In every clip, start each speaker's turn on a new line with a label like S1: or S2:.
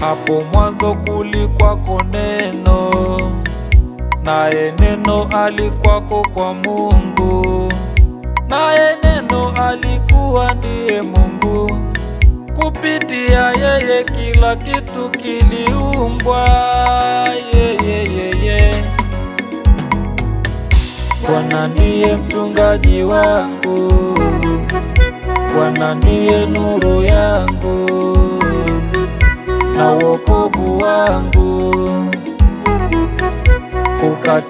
S1: Hapo mwanzo kulikwako neno, naye neno alikwako kwa Mungu, naye neno alikuwa ndiye Mungu. Kupitia yeye kila kitu kiliumbwa, yeye yeye. Bwana ndiye mchungaji wangu, Bwana ndiye nuru yangu na wokovu wangu, kukaa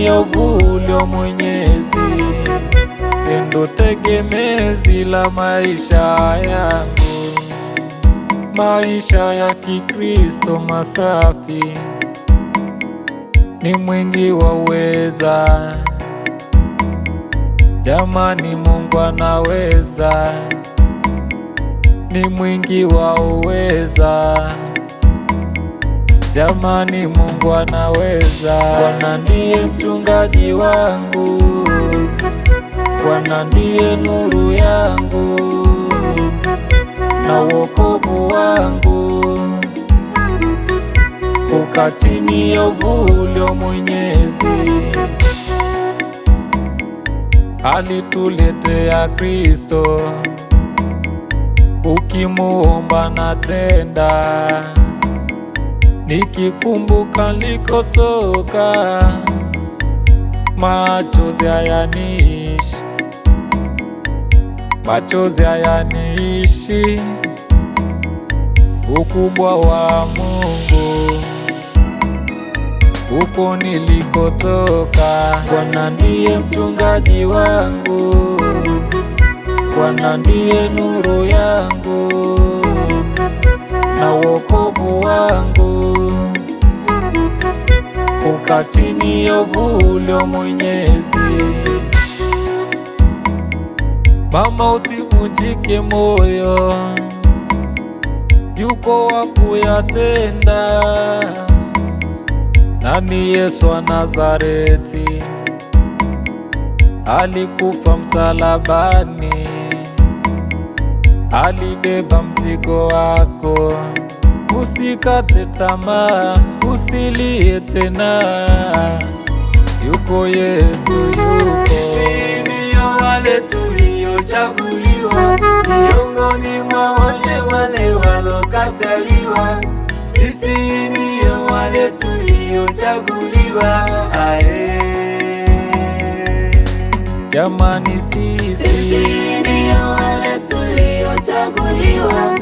S1: ya uvuli wa Mwenyezi, ndo tegemezi la maisha yangu, maisha ya Kikristo masafi, ni mwingi wa uweza Jamani, Mungu anaweza, ni mwingi wa uweza. Jamani, Mungu anaweza. Bwana ndiye mchungaji wangu, Bwana ndiye nuru yangu na wokovu wangu, kukaa chini ya uvuli wa Mwenyezi. Alituletea Kristo, ukimuomba natenda tenda nikikumbuka likotoka machozi hayaniishi, machozi hayaniishi, ukubwa wa Mungu huko nilikotoka. Bwana ndiye mchungaji wangu, Bwana ndiye nuru yangu na wokovu wangu Nika chini ya Mwenyezi. Mama, usivunjike moyo, yuko wa kuyatenda. Nani Yesu wa Nazareti alikufa msalabani, alibeba mzigo wako Usikate tamaa, usilie tena, yuko Yesu, yuko.
S2: Sisi ndio wale tuliochaguliwa miongoni mwa wale wale walokataliwa, sisi ndio wale tuliochaguliwa ae Jamani, sisi ndio wale tuliochaguliwa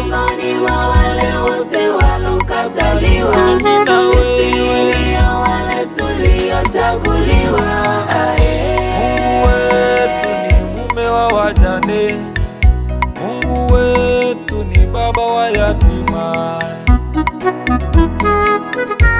S1: apoia demais.